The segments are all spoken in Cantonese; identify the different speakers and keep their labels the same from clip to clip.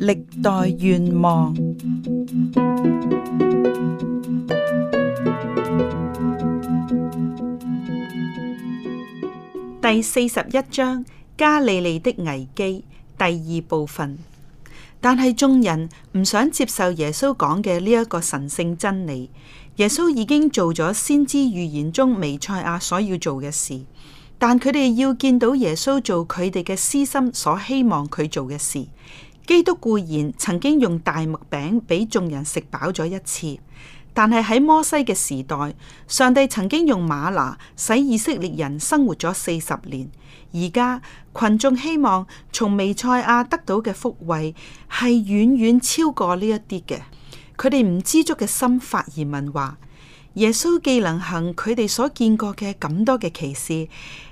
Speaker 1: 歷代願望第四十一章，加利利的危機第二部分。但係眾人唔想接受耶穌講嘅呢一個神聖真理。耶穌已經做咗先知預言中彌賽亞所要做嘅事，但佢哋要見到耶穌做佢哋嘅私心所希望佢做嘅事。基督固然曾經用大麥餅俾眾人食飽咗一次，但係喺摩西嘅時代，上帝曾經用瑪拿使以色列人生活咗四十年。而家群眾希望從彌賽亞得到嘅福惠係遠遠超過呢一啲嘅，佢哋唔知足嘅心發疑問話。耶穌既能行佢哋所見過嘅咁多嘅奇事，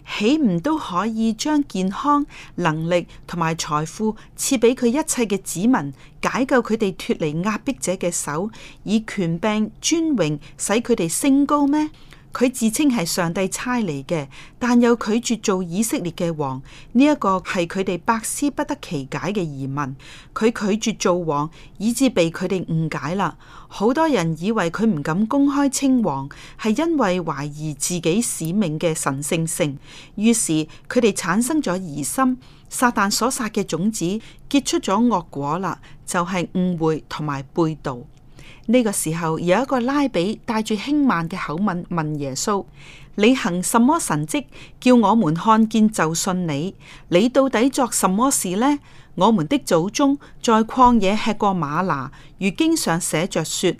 Speaker 1: 豈唔都可以將健康、能力同埋財富賜俾佢一切嘅子民，解救佢哋脱離壓迫者嘅手，以權柄、尊榮使佢哋升高咩？佢自稱係上帝差嚟嘅，但又拒絕做以色列嘅王，呢、這、一個係佢哋百思不得其解嘅疑問。佢拒絕做王，以致被佢哋誤解啦。好多人以為佢唔敢公開稱王，係因為懷疑自己使命嘅神聖性，於是佢哋產生咗疑心。撒旦所撒嘅種子結出咗惡果啦，就係、是、誤會同埋背道。呢個時候有一個拉比帶住輕慢嘅口吻問，問耶穌：你行什麼神跡，叫我們看見就信你？你到底作什麼事呢？我們的祖宗在曠野吃過馬拿，如經上寫着說，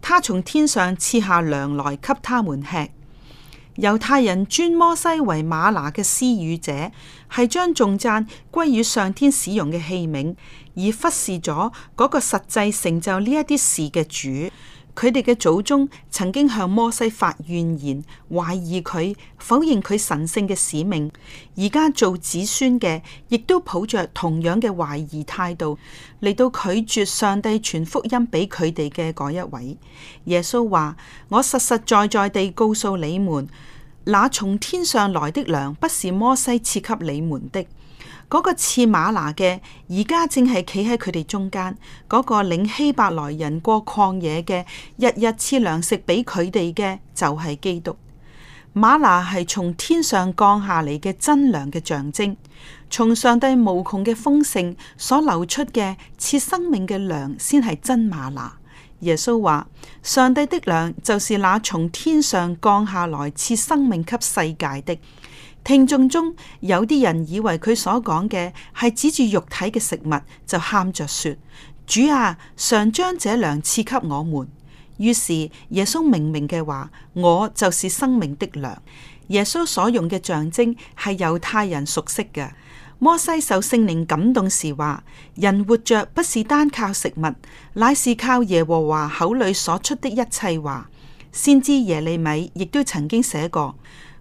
Speaker 1: 他從天上賜下糧來給他們吃。猶太人尊摩西為嗎哪嘅施予者，係將頌讚歸於上天使用嘅器皿，而忽視咗嗰個實際成就呢一啲事嘅主。佢哋嘅祖宗曾經向摩西發怨言，懷疑佢，否認佢神聖嘅使命。而家做子孫嘅，亦都抱着同樣嘅懷疑態度嚟到拒絕上帝傳福音俾佢哋嘅嗰一位。耶穌話：我實實在在地告訴你們。那從天上來的糧不是摩西賜、那個那個、給你們的，嗰個賜馬拿嘅，而家正係企喺佢哋中間，嗰個領希伯來人過曠野嘅，日日賜糧食畀佢哋嘅，就係、是、基督。馬拿係從天上降下嚟嘅真糧嘅象徵，從上帝無窮嘅豐盛所流出嘅賜生命嘅糧，先係真馬拿。耶穌話：上帝的糧就是那從天上降下來賜生命給世界的。聽眾中有啲人以為佢所講嘅係指住肉體嘅食物，就喊着說：主啊，常將這糧賜給我們。於是耶穌明明嘅話：我就是生命的糧。耶穌所用嘅象徵係猶太人熟悉嘅。摩西受聖靈感動時話：人活着不是單靠食物，乃是靠耶和華口裏所出的一切話。先知耶利米亦都曾經寫過：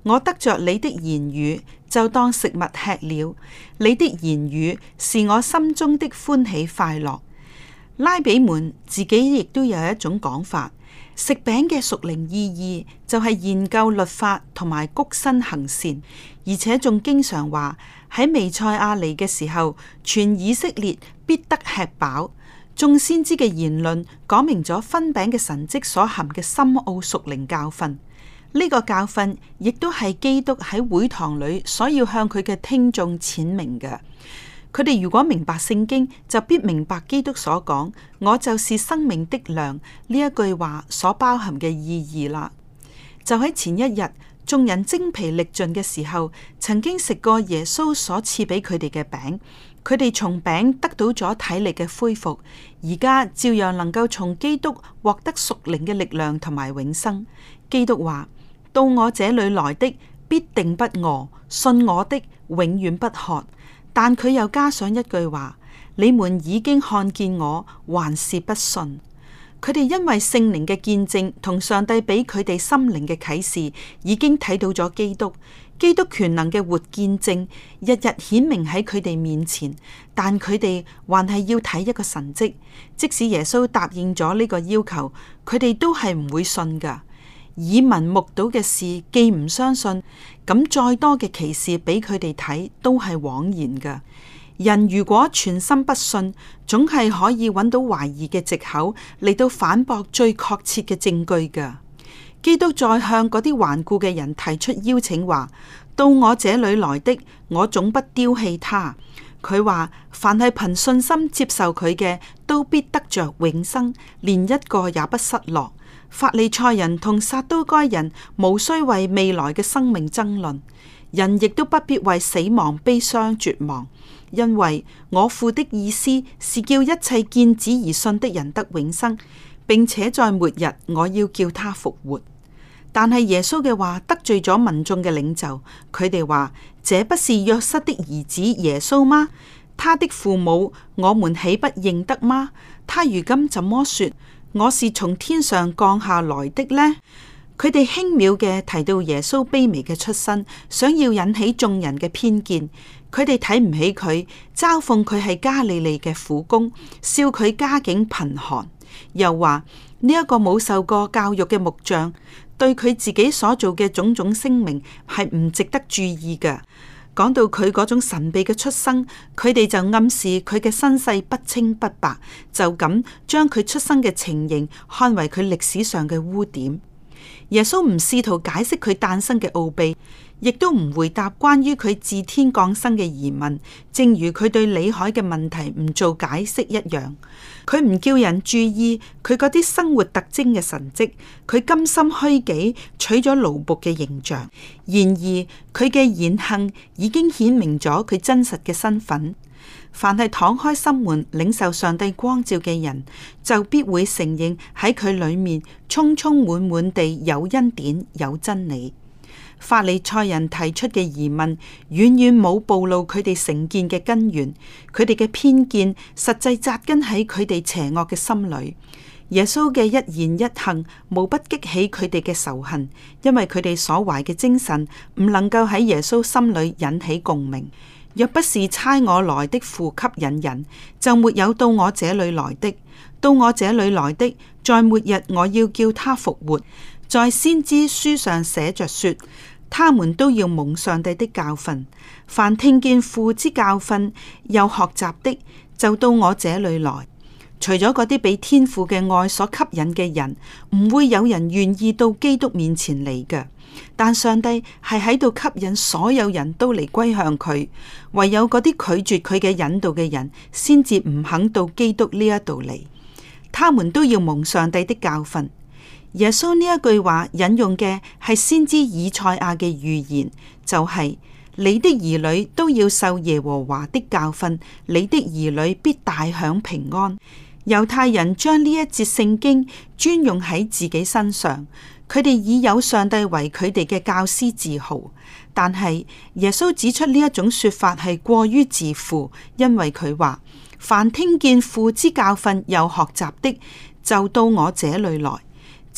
Speaker 1: 我得着你的言語，就當食物吃了。你的言語是我心中的歡喜快樂。拉比們自己亦都有一種講法。食餅嘅屬靈意義就係研究律法同埋躬身行善，而且仲經常話喺彌賽亞嚟嘅時候，全以色列必得吃飽。眾先知嘅言論講明咗分餅嘅神蹟所含嘅深奧屬靈教訓，呢個教訓亦都係基督喺會堂裏所要向佢嘅聽眾闡明嘅。佢哋如果明白聖經，就必明白基督所講“我就是生命的糧”呢一句話所包含嘅意義啦。就喺前一日，眾人精疲力盡嘅時候，曾經食過耶穌所賜俾佢哋嘅餅，佢哋從餅得到咗體力嘅恢復，而家照樣能夠從基督獲得屬靈嘅力量同埋永生。基督話：到我這裏來的必定不餓，信我的永遠不渴。但佢又加上一句話：你們已經看見我，還是不信。佢哋因為聖靈嘅見證同上帝畀佢哋心靈嘅啟示，已經睇到咗基督，基督權能嘅活見證，日日顯明喺佢哋面前。但佢哋還係要睇一個神蹟，即使耶穌答應咗呢個要求，佢哋都係唔會信㗎。耳聞目睹嘅事，既唔相信，咁再多嘅歧視俾佢哋睇，都係枉然噶。人如果全心不信，總係可以搵到懷疑嘅藉口嚟到反駁最確切嘅證據噶。基督再向嗰啲頑固嘅人提出邀請話，話：到我這裏來的，我總不丟棄他。佢話：凡係憑信心接受佢嘅，都必得着永生，連一個也不失落。法利賽人同撒都該人無需為未來嘅生命爭論，人亦都不必為死亡悲傷絕望，因為我父的意思是叫一切見子而信的人得永生，並且在末日我要叫他復活。但係耶穌嘅話得罪咗民眾嘅領袖，佢哋話：這不是約瑟的兒子耶穌嗎？他的父母我們豈不認得嗎？他如今怎麼說？我是從天上降下來的呢。佢哋輕蔑嘅提到耶穌卑微嘅出身，想要引起眾人嘅偏見。佢哋睇唔起佢，嘲諷佢係加利利嘅苦工，笑佢家境貧寒，又話呢一個冇受過教育嘅木匠，對佢自己所做嘅種種聲明係唔值得注意㗎。講到佢嗰種神秘嘅出生，佢哋就暗示佢嘅身世不清不白，就咁將佢出生嘅情形看為佢歷史上嘅污點。耶穌唔試圖解釋佢誕生嘅奧秘。亦都唔回答關於佢自天降生嘅疑問，正如佢對李海嘅問題唔做解釋一樣，佢唔叫人注意佢嗰啲生活特徵嘅神蹟，佢甘心虛己取咗奴僕嘅形象。然而，佢嘅言行已經顯明咗佢真實嘅身份。凡係敞開心門領受上帝光照嘅人，就必會承認喺佢裏面充充滿滿地有恩典有真理。法利賽人提出嘅疑問，遠遠冇暴露佢哋成見嘅根源。佢哋嘅偏見實際扎根喺佢哋邪惡嘅心裏。耶穌嘅一言一行無不激起佢哋嘅仇恨，因為佢哋所懷嘅精神唔能夠喺耶穌心裏引起共鳴。若不是差我來的父吸引人，就沒有到我這裏來的。到我這裏來的，在末日我要叫他復活。在先知書上寫着說，他們都要蒙上帝的教訓。凡聽見父之教訓又學習的，就到我這裏來。除咗嗰啲被天父嘅愛所吸引嘅人，唔會有人願意到基督面前嚟嘅。但上帝係喺度吸引所有人都嚟歸向佢。唯有嗰啲拒絕佢嘅引導嘅人，先至唔肯到基督呢一度嚟。他們都要蒙上帝的教訓。耶穌呢一句話引用嘅係先知以賽亞嘅預言，就係你的兒女都要受耶和華的教訓，你的兒女必大享平安。猶太人將呢一節聖經專用喺自己身上，佢哋以有上帝為佢哋嘅教師自豪。但係耶穌指出呢一種說法係過於自負，因為佢話凡聽見父之教訓又學習的，就到我這裏來。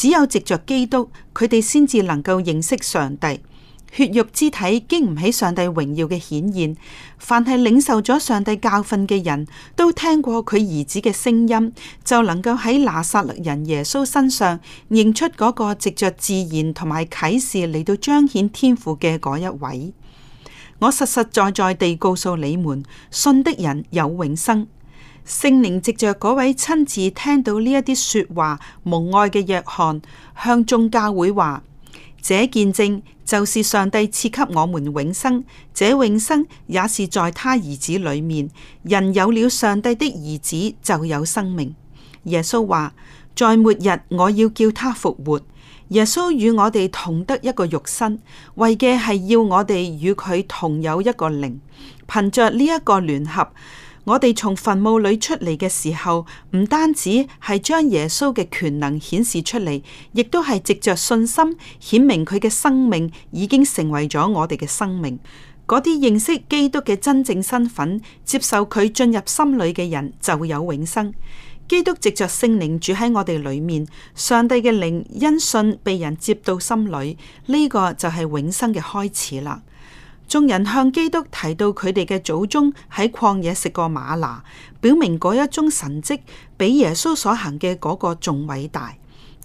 Speaker 1: 只有藉着基督，佢哋先至能夠認識上帝。血肉之體經唔起上帝榮耀嘅顯現。凡係領受咗上帝教訓嘅人都聽過佢兒子嘅聲音，就能夠喺拿撒勒人耶穌身上認出嗰個藉着自然同埋啟示嚟到彰顯天父嘅嗰一位。我實實在在地告訴你們，信的人有永生。聖靈藉着嗰位親自聽到呢一啲說話蒙愛嘅約翰，向眾教會話：這見證就是上帝賜給我們永生，這永生也是在他兒子裏面。人有了上帝的兒子，就有生命。耶穌話：在末日我要叫他復活。耶穌與我哋同得一個肉身，為嘅係要我哋與佢同有一個靈。憑着呢一個聯合。我哋從墳墓裏出嚟嘅時候，唔單止係將耶穌嘅權能顯示出嚟，亦都係藉着信心顯明佢嘅生命已經成為咗我哋嘅生命。嗰啲認識基督嘅真正身份，接受佢進入心裏嘅人，就會有永生。基督藉着聖靈住喺我哋裏面，上帝嘅靈因信被人接到心裏，呢個就係永生嘅開始啦。眾人向基督提到佢哋嘅祖宗喺曠野食過馬拿，表明嗰一宗神蹟比耶穌所行嘅嗰個仲偉大。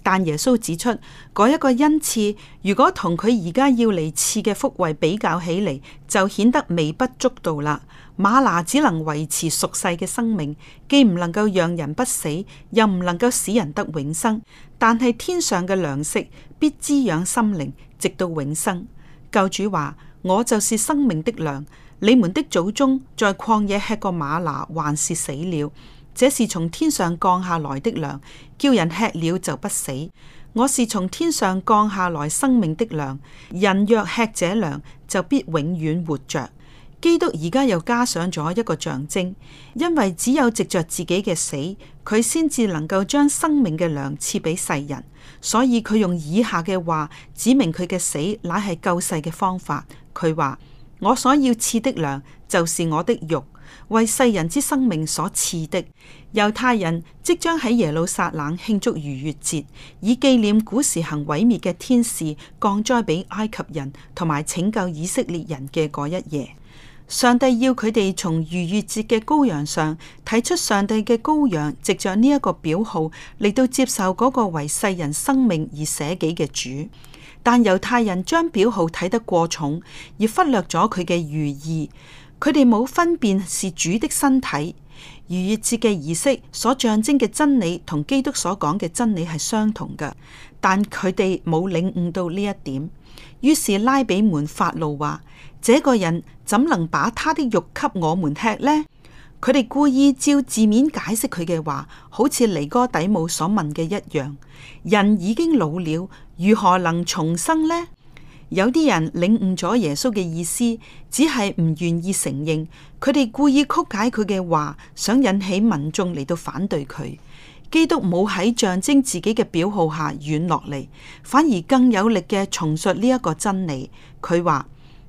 Speaker 1: 但耶穌指出，嗰一個恩賜如果同佢而家要嚟賜嘅福惠比較起嚟，就顯得微不足道啦。馬拿只能維持俗世嘅生命，既唔能夠讓人不死，又唔能夠使人得永生。但係天上嘅糧食必滋養心靈，直到永生。救主話。我就是生命的糧，你們的祖宗在曠野吃過馬拿，還是死了。這是從天上降下來的糧，叫人吃了就不死。我是從天上降下來生命的糧，人若吃這糧，就必永遠活着。基督而家又加上咗一個象徵，因為只有藉着自己嘅死，佢先至能夠將生命嘅糧賜俾世人，所以佢用以下嘅話指明佢嘅死乃係救世嘅方法。佢話：我所要賜的糧，就是我的肉，為世人之生命所賜的。猶太人即將喺耶路撒冷慶祝逾越節，以紀念古時行毀滅嘅天使降災俾埃及人，同埋拯救以色列人嘅嗰一夜。上帝要佢哋從逾越節嘅羔羊上睇出上帝嘅羔羊，藉着呢一個表號嚟到接受嗰個為世人生命而捨己嘅主。但猶太人將表號睇得過重，而忽略咗佢嘅寓意。佢哋冇分辨，是主的身體。逾越節嘅儀式所象徵嘅真理同基督所講嘅真理係相同噶，但佢哋冇領悟到呢一點。於是拉比們發怒話：「這個人怎能把他的肉給我們吃呢？佢哋故意照字面解釋佢嘅話，好似尼哥底母所問嘅一樣。人已經老了。如何能重生呢？有啲人領悟咗耶穌嘅意思，只係唔願意承認，佢哋故意曲解佢嘅話，想引起民眾嚟到反對佢。基督冇喺象徵自己嘅表號下軟落嚟，反而更有力嘅重述呢一個真理。佢話：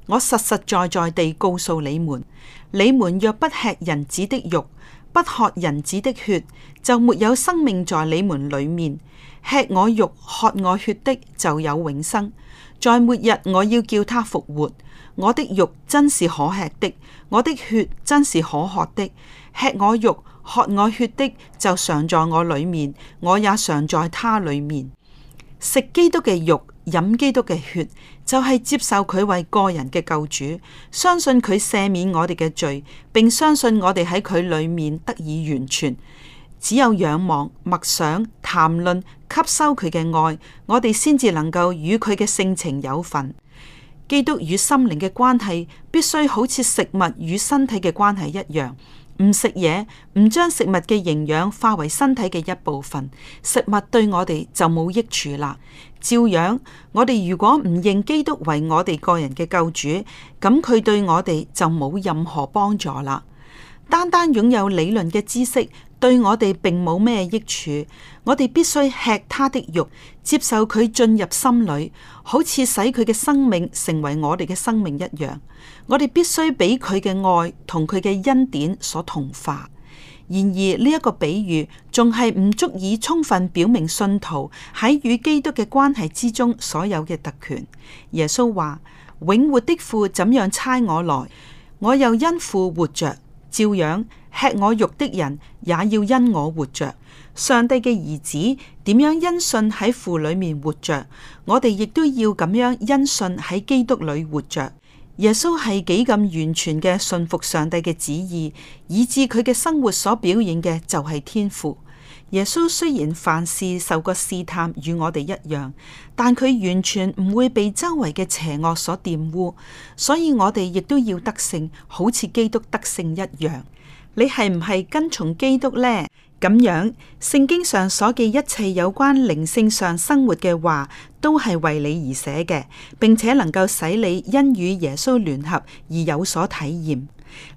Speaker 1: 我實實在在地告訴你們，你們若不吃人子的肉，不喝人子的血，就沒有生命在你們裏面。吃我肉、喝我血的就有永生。在末日，我要叫他復活。我的肉真是可吃的，我的血真是可喝的。吃我肉、喝我血的就常在我裏面，我也常在他裏面。食基督嘅肉、飲基督嘅血，就係接受佢為個人嘅救主，相信佢赦免我哋嘅罪，並相信我哋喺佢裏面得以完全。只有仰望、默想、談論。吸收佢嘅愛，我哋先至能夠與佢嘅性情有份。基督與心靈嘅關係，必須好似食物與身體嘅關係一樣。唔食嘢，唔將食物嘅營養化為身體嘅一部分，食物對我哋就冇益處啦。照樣，我哋如果唔認基督為我哋個人嘅救主，咁佢對我哋就冇任何幫助啦。單單擁有理論嘅知識，對我哋並冇咩益處，我哋必須吃他的肉，接受佢進入心裏，好似使佢嘅生命成為我哋嘅生命一樣。我哋必須俾佢嘅愛同佢嘅恩典所同化。然而呢一個比喻仲係唔足以充分表明信徒喺與基督嘅關係之中所有嘅特權。耶穌話：永活的父怎樣差我來，我又因父活着，照樣。吃我肉的人也要因我活着。上帝嘅兒子點樣因信喺父裏面活着，我哋亦都要咁樣因信喺基督裏活着。耶穌係幾咁完全嘅信服上帝嘅旨意，以致佢嘅生活所表現嘅就係天父。耶穌雖然凡事受過試探，與我哋一樣，但佢完全唔會被周圍嘅邪惡所玷污，所以我哋亦都要得勝，好似基督得勝一樣。你係唔係跟從基督呢？咁樣，聖經上所記一切有關靈性上生活嘅話，都係為你而寫嘅，並且能夠使你因與耶穌聯合而有所體驗。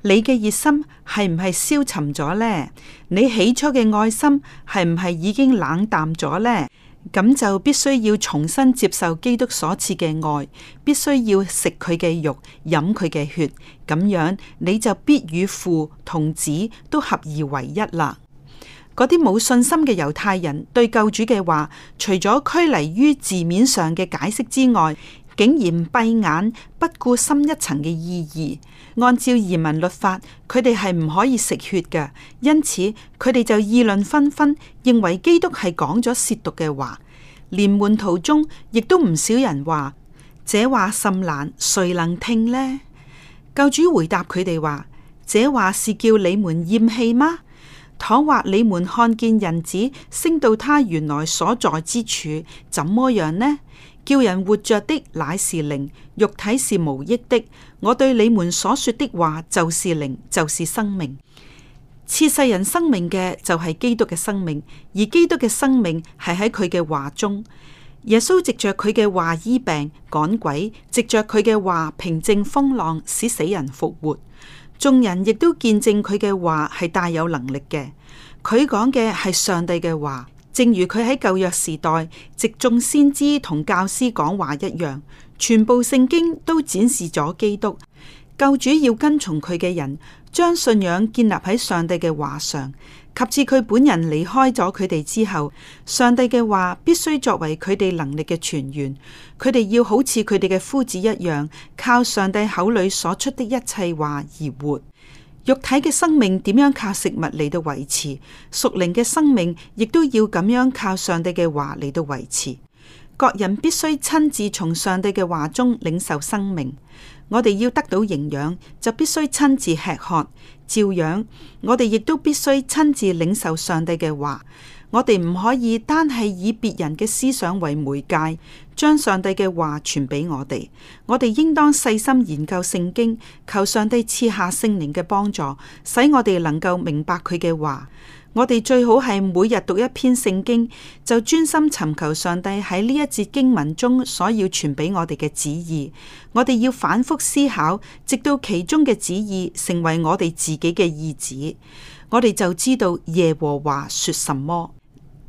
Speaker 1: 你嘅熱心係唔係消沉咗呢？你起初嘅愛心係唔係已經冷淡咗呢？咁就必須要重新接受基督所賜嘅愛，必須要食佢嘅肉、飲佢嘅血，咁樣你就必與父同子都合二為一啦。嗰啲冇信心嘅猶太人對救主嘅話，除咗拘泥於字面上嘅解釋之外，竟然閉眼不顧深一層嘅意義。按照移民律法，佢哋係唔可以食血嘅，因此佢哋就議論紛紛，認為基督係講咗褻瀆嘅話。連門徒中，亦都唔少人話：這話甚難，誰能聽呢？教主回答佢哋話：這話是叫你們厭棄嗎？倘或你們看見人子升到他原來所在之處，怎麼樣呢？叫人活着的乃是靈，肉體是無益的。我對你們所說的話就是靈，就是生命。賜世人生命嘅就係基督嘅生命，而基督嘅生命係喺佢嘅話中。耶穌藉着佢嘅話醫病趕鬼，藉着佢嘅話平靜風浪，使死人復活。眾人亦都見證佢嘅話係帶有能力嘅。佢講嘅係上帝嘅話。正如佢喺舊約時代藉眾先知同教師講話一樣，全部聖經都展示咗基督，救主要跟從佢嘅人，將信仰建立喺上帝嘅話上。及至佢本人離開咗佢哋之後，上帝嘅話必須作為佢哋能力嘅泉源，佢哋要好似佢哋嘅夫子一樣，靠上帝口裏所出的一切話而活。肉體嘅生命點樣靠食物嚟到維持？屬靈嘅生命亦都要咁樣靠上帝嘅話嚟到維持。各人必須親自從上帝嘅話中領受生命。我哋要得到營養，就必須親自吃喝。照樣，我哋亦都必須親自領受上帝嘅話。我哋唔可以單係以別人嘅思想為媒介。將上帝嘅話傳俾我哋，我哋應當細心研究聖經，求上帝賜下聖靈嘅幫助，使我哋能夠明白佢嘅話。我哋最好係每日讀一篇聖經，就專心尋求上帝喺呢一節經文中所要傳俾我哋嘅旨意。我哋要反覆思考，直到其中嘅旨意成為我哋自己嘅意旨，我哋就知道耶和華說什麼。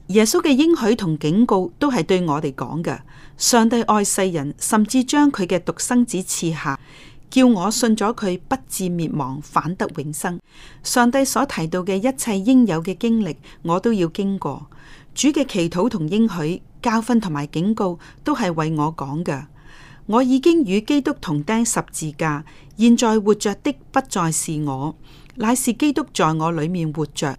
Speaker 1: 耶穌嘅應許同警告都係對我哋講嘅。上帝愛世人，甚至將佢嘅獨生子賜下，叫我信咗佢不至滅亡，反得永生。上帝所提到嘅一切應有嘅經歷，我都要經過。主嘅祈禱同應許、教訓同埋警告，都係為我講嘅。我已經與基督同釘十字架，現在活着的不再是我，乃是基督在我裏面活着。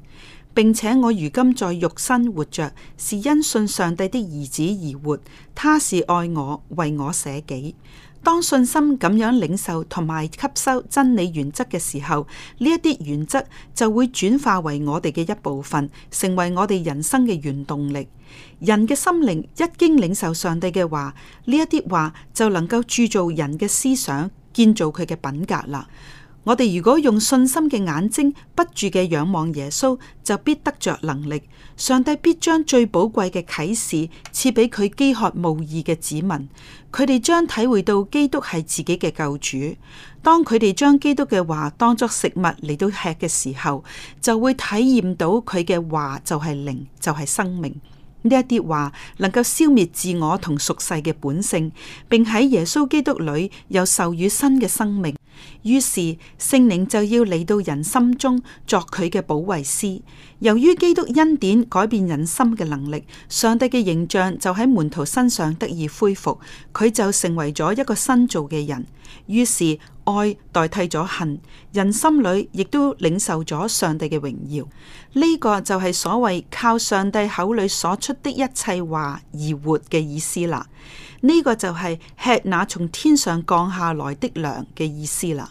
Speaker 1: 並且我如今在肉身活着，是因信上帝的兒子而活，他是愛我，為我捨己。當信心咁樣領受同埋吸收真理原則嘅時候，呢一啲原則就會轉化為我哋嘅一部分，成為我哋人生嘅原動力。人嘅心靈一經領受上帝嘅話，呢一啲話就能夠鑄造人嘅思想，建造佢嘅品格啦。我哋如果用信心嘅眼睛不住嘅仰望耶穌，就必得着能力。上帝必將最寶貴嘅啟示賜俾佢飢渴慕義嘅子民，佢哋將體會到基督係自己嘅救主。當佢哋將基督嘅話當作食物嚟到吃嘅時候，就會體驗到佢嘅話就係靈，就係生命。呢一啲話能夠消滅自我同屬世嘅本性，並喺耶穌基督裏又授予新嘅生命。於是聖靈就要嚟到人心中作佢嘅保惠師。由於基督恩典改變人心嘅能力，上帝嘅形象就喺門徒身上得以恢復，佢就成為咗一個新造嘅人。於是。愛代替咗恨，人心裏亦都領受咗上帝嘅榮耀。呢個就係所謂靠上帝口裏所出的一切話而活嘅意思啦。呢個就係吃那從天上降下來的糧嘅意思啦。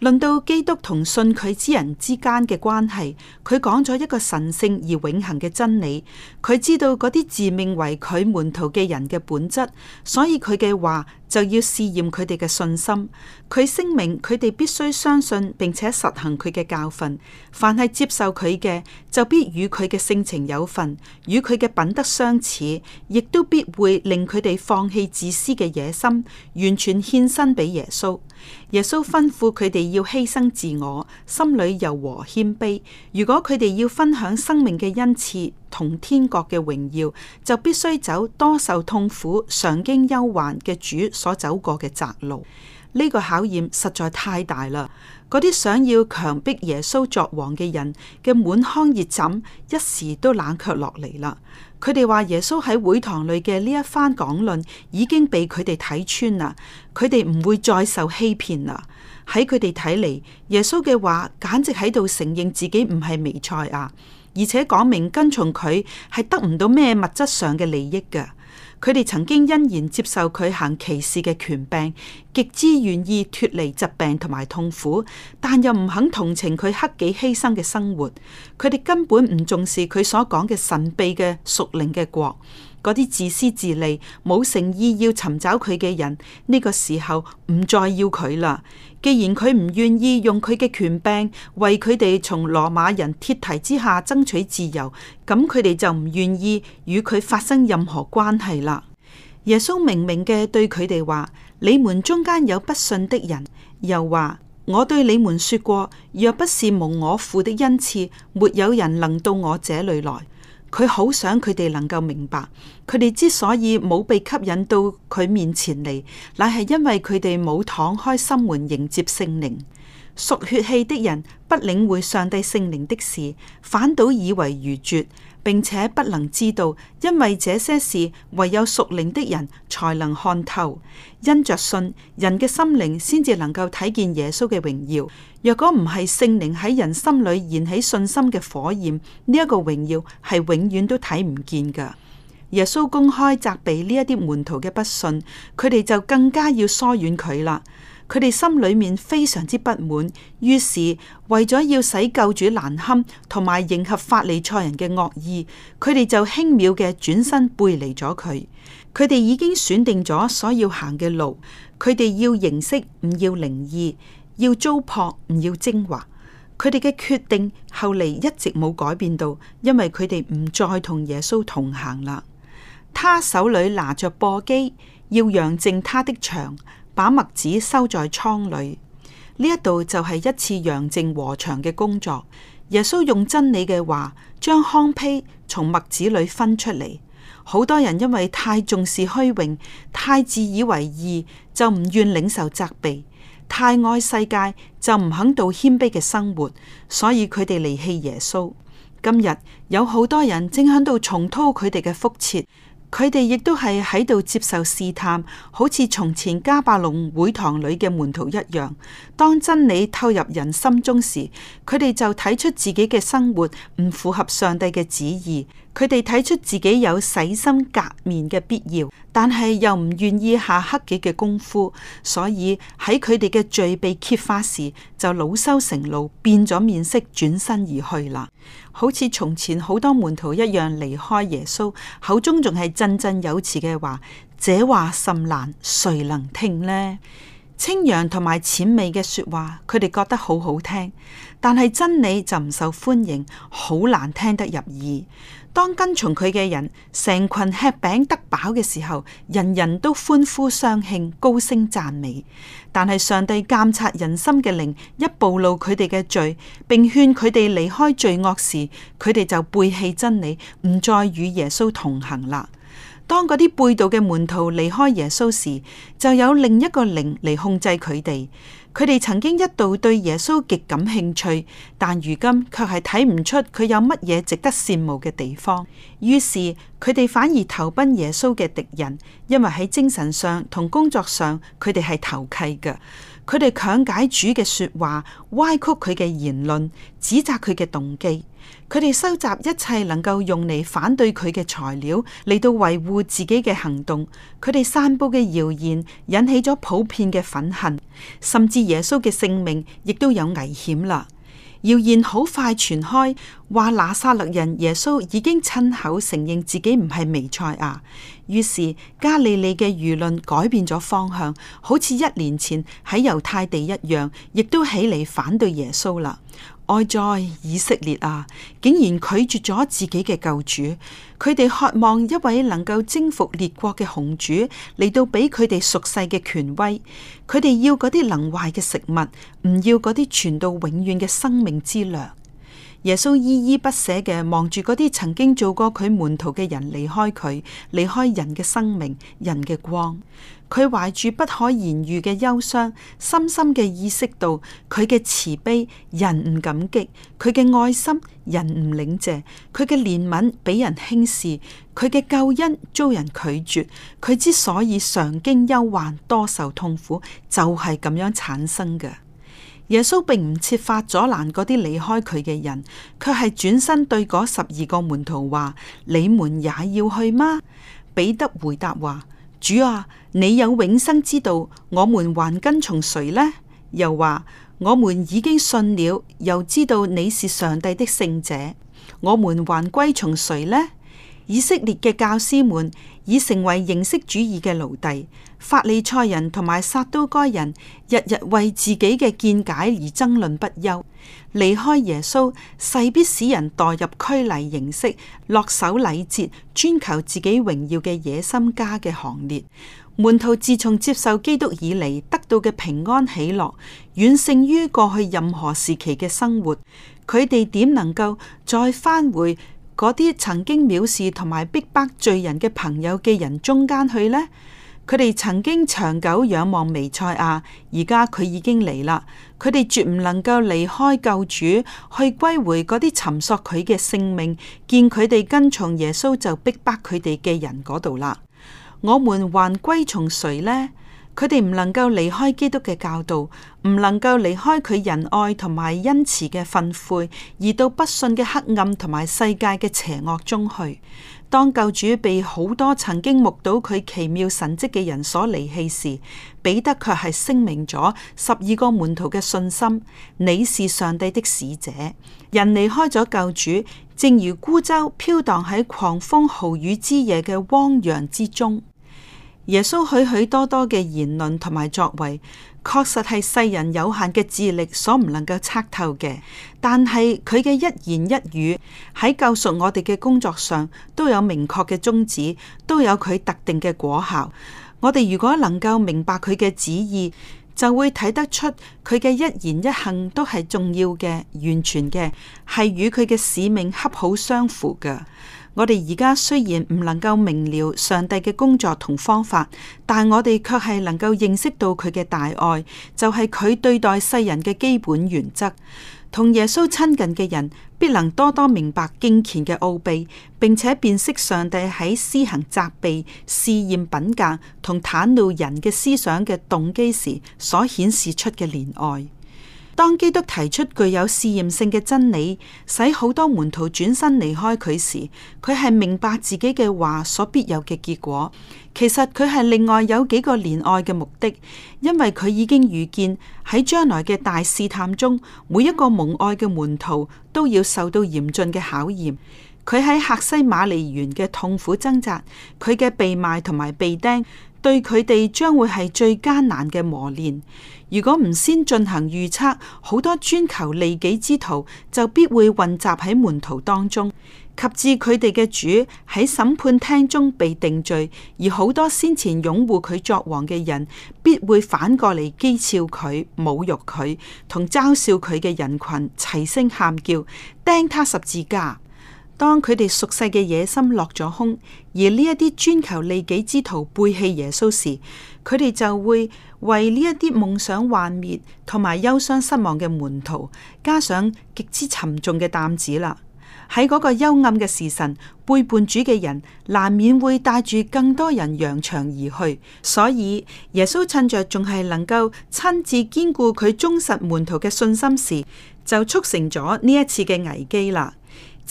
Speaker 1: 論到基督同信佢之人之間嘅關係，佢講咗一個神聖而永恆嘅真理。佢知道嗰啲自命為佢門徒嘅人嘅本質，所以佢嘅話。就要試驗佢哋嘅信心。佢聲明佢哋必須相信並且實行佢嘅教訓。凡係接受佢嘅，就必與佢嘅性情有份，與佢嘅品德相似，亦都必會令佢哋放棄自私嘅野心，完全獻身俾耶穌。耶穌吩咐佢哋要犧牲自我，心裏柔和謙卑。如果佢哋要分享生命嘅恩賜，同天國嘅榮耀，就必須走多受痛苦、常經憂患嘅主所走過嘅窄路。呢個考驗實在太大啦！嗰啲想要強迫耶穌作王嘅人嘅滿腔熱枕，一時都冷卻落嚟啦。佢哋話耶穌喺會堂裏嘅呢一番講論，已經被佢哋睇穿啦。佢哋唔會再受欺騙啦。喺佢哋睇嚟，耶穌嘅話簡直喺度承認自己唔係彌賽亞。而且講明跟從佢係得唔到咩物質上嘅利益嘅，佢哋曾經欣然接受佢行歧視嘅權柄，極之願意脫離疾病同埋痛苦，但又唔肯同情佢克己犧牲嘅生活，佢哋根本唔重視佢所講嘅神秘嘅屬靈嘅國。嗰啲自私自利，冇誠意要尋找佢嘅人，呢個時候唔再要佢啦。既然佢唔願意用佢嘅權柄為佢哋從羅馬人鐵蹄之下爭取自由，咁佢哋就唔願意與佢發生任何關係啦。耶穌明明嘅對佢哋話，你們中間有不信的人。又話我對你們說過，若不是蒙我父的恩賜，沒有人能到我這裏來。佢好想佢哋能夠明白，佢哋之所以冇被吸引到佢面前嚟，乃係因為佢哋冇敞開心門迎接聖靈。屬血氣的人不領會上帝聖靈的事，反倒以為愚拙。並且不能知道，因為這些事唯有屬靈的人才能看透。因着信，人嘅心靈先至能夠睇見耶穌嘅榮耀。若果唔係聖靈喺人心裏燃起信心嘅火焰，呢一個榮耀係永遠都睇唔見噶。耶穌公開責備呢一啲門徒嘅不信，佢哋就更加要疏遠佢啦。佢哋心裏面非常之不滿，於是為咗要使救主難堪，同埋迎合法利賽人嘅惡意，佢哋就輕妙嘅轉身背離咗佢。佢哋已經選定咗所要行嘅路，佢哋要形式唔要靈意，要糟粕唔要精華。佢哋嘅決定後嚟一直冇改變到，因為佢哋唔再同耶穌同行啦。他手裏拿着簸箕，要揚淨他的場，把麥子收在倉裏，呢一度就係一次揚淨和祥嘅工作。耶穌用真理嘅話，將糠秕從麥子裏分出嚟。好多人因為太重視虛榮，太自以為義，就唔願領受責備；太愛世界，就唔肯度謙卑嘅生活，所以佢哋離棄耶穌。今日有好多人正響度重蹈佢哋嘅覆轍。佢哋亦都係喺度接受試探，好似從前迦百農會堂裏嘅門徒一樣。當真理透入人心中時，佢哋就睇出自己嘅生活唔符合上帝嘅旨意，佢哋睇出自己有洗心革面嘅必要，但係又唔願意下克己嘅功夫，所以喺佢哋嘅罪被揭發時，就惱羞成怒，變咗面色，轉身而去啦。好似從前好多門徒一樣離開耶穌，口中仲係振振有詞嘅話，這話甚難，誰能聽呢？清揚同埋淺味嘅說話，佢哋覺得好好聽，但係真理就唔受歡迎，好難聽得入耳。當跟從佢嘅人成群吃餅得飽嘅時候，人人都歡呼相慶，高聲讚美。但係上帝監察人心嘅靈一暴露佢哋嘅罪，並勸佢哋離開罪惡時，佢哋就背棄真理，唔再與耶穌同行啦。當嗰啲背道嘅門徒離開耶穌時，就有另一個靈嚟控制佢哋。佢哋曾經一度對耶穌極感興趣，但如今卻係睇唔出佢有乜嘢值得羨慕嘅地方。於是，佢哋反而投奔耶穌嘅敵人，因為喺精神上同工作上，佢哋係投契㗎。佢哋強解主嘅說話，歪曲佢嘅言論，指責佢嘅動機。佢哋收集一切能夠用嚟反對佢嘅材料嚟到維護自己嘅行動，佢哋散布嘅謠言引起咗普遍嘅憤恨，甚至耶穌嘅性命亦都有危險啦。謠言好快傳開，話拿撒勒人耶穌已經親口承認自己唔係彌賽亞，於是加利利嘅輿論改變咗方向，好似一年前喺猶太地一樣，亦都起嚟反對耶穌啦。愛在以色列啊，竟然拒絕咗自己嘅救主。佢哋渴望一位能夠征服列國嘅雄主，嚟到俾佢哋熟悉嘅權威。佢哋要嗰啲能壞嘅食物，唔要嗰啲存到永遠嘅生命之糧。耶穌依依不捨嘅望住嗰啲曾經做過佢門徒嘅人離開佢，離開人嘅生命，人嘅光。佢懷住不可言喻嘅憂傷，深深嘅意識到佢嘅慈悲人唔感激，佢嘅愛心人唔領謝，佢嘅憐憫俾人輕視，佢嘅救恩遭人拒絕。佢之所以常經憂患，多受痛苦，就係咁樣產生嘅。耶穌並唔設法阻攔嗰啲離開佢嘅人，卻係轉身對嗰十二個門徒話：你們也要去嗎？彼得回答話：主啊，你有永生之道，我們還跟從誰呢？又話：我們已經信了，又知道你是上帝的聖者，我們還歸從誰呢？以色列嘅教師們。已成為形式主義嘅奴隸，法利賽人同埋撒都該人日日為自己嘅見解而爭論不休。離開耶穌，勢必使人代入拘泥形式、落手禮節、專求自己榮耀嘅野心家嘅行列。門徒自從接受基督以嚟得到嘅平安喜樂，遠勝於過去任何時期嘅生活。佢哋點能夠再返回？嗰啲曾經藐視同埋逼迫罪人嘅朋友嘅人中間去呢？佢哋曾經長久仰望彌賽亞，而家佢已經嚟啦，佢哋絕唔能夠離開救主去歸回嗰啲尋索佢嘅性命，見佢哋跟從耶穌就逼迫佢哋嘅人嗰度啦。我們還歸從誰呢？佢哋唔能夠離開基督嘅教導，唔能夠離開佢仁愛同埋恩慈嘅憤悔，而到不信嘅黑暗同埋世界嘅邪惡中去。當救主被好多曾經目睹佢奇妙神蹟嘅人所離棄時，彼得卻係聲明咗十二個門徒嘅信心：「你是上帝的使者。」人離開咗教主，正如孤舟飄蕩喺狂風豪雨之夜嘅汪洋之中。耶穌許許多多嘅言論同埋作為，確實係世人有限嘅智力所唔能夠測透嘅。但係佢嘅一言一語喺救贖我哋嘅工作上，都有明確嘅宗旨，都有佢特定嘅果效。我哋如果能夠明白佢嘅旨意，就會睇得出佢嘅一言一行都係重要嘅、完全嘅，係與佢嘅使命恰好相符嘅。我哋而家雖然唔能夠明了上帝嘅工作同方法，但我哋卻係能夠認識到佢嘅大愛，就係、是、佢對待世人嘅基本原則。同耶穌親近嘅人，必能多多明白敬虔嘅奧秘，並且辨識上帝喺施行責備、試驗品格同袒露人嘅思想嘅動機時所顯示出嘅憐愛。當基督提出具有試驗性嘅真理，使好多門徒轉身離開佢時，佢係明白自己嘅話所必有嘅結果。其實佢係另外有幾個憐愛嘅目的，因為佢已經預見喺將來嘅大試探中，每一個蒙愛嘅門徒都要受到嚴峻嘅考驗。佢喺客西馬尼園嘅痛苦掙扎，佢嘅被賣同埋被釘，對佢哋將會係最艱難嘅磨練。如果唔先進行預測，好多專求利己之徒就必會混雜喺門徒當中，及至佢哋嘅主喺審判廳中被定罪，而好多先前擁護佢作王嘅人，必會反過嚟譏笑佢、侮辱佢、同嘲笑佢嘅人群齊聲喊叫，釘他十字架。當佢哋熟悉嘅野心落咗空，而呢一啲專求利己之徒背棄耶穌時，佢哋就會為呢一啲夢想幻滅同埋憂傷失望嘅門徒加上極之沉重嘅擔子啦。喺嗰個幽暗嘅時辰，背叛主嘅人難免會帶住更多人揚長而去。所以耶穌趁着仲係能夠親自兼顧佢忠實門徒嘅信心時，就促成咗呢一次嘅危機啦。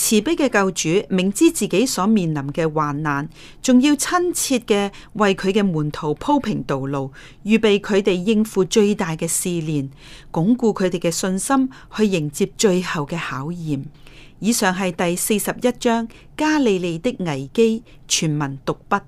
Speaker 1: 慈悲嘅救主，明知自己所面臨嘅患難，仲要親切嘅為佢嘅門徒鋪平道路，預備佢哋應付最大嘅試煉，鞏固佢哋嘅信心，去迎接最後嘅考驗。以上係第四十一章加利利的危機，全文讀畢。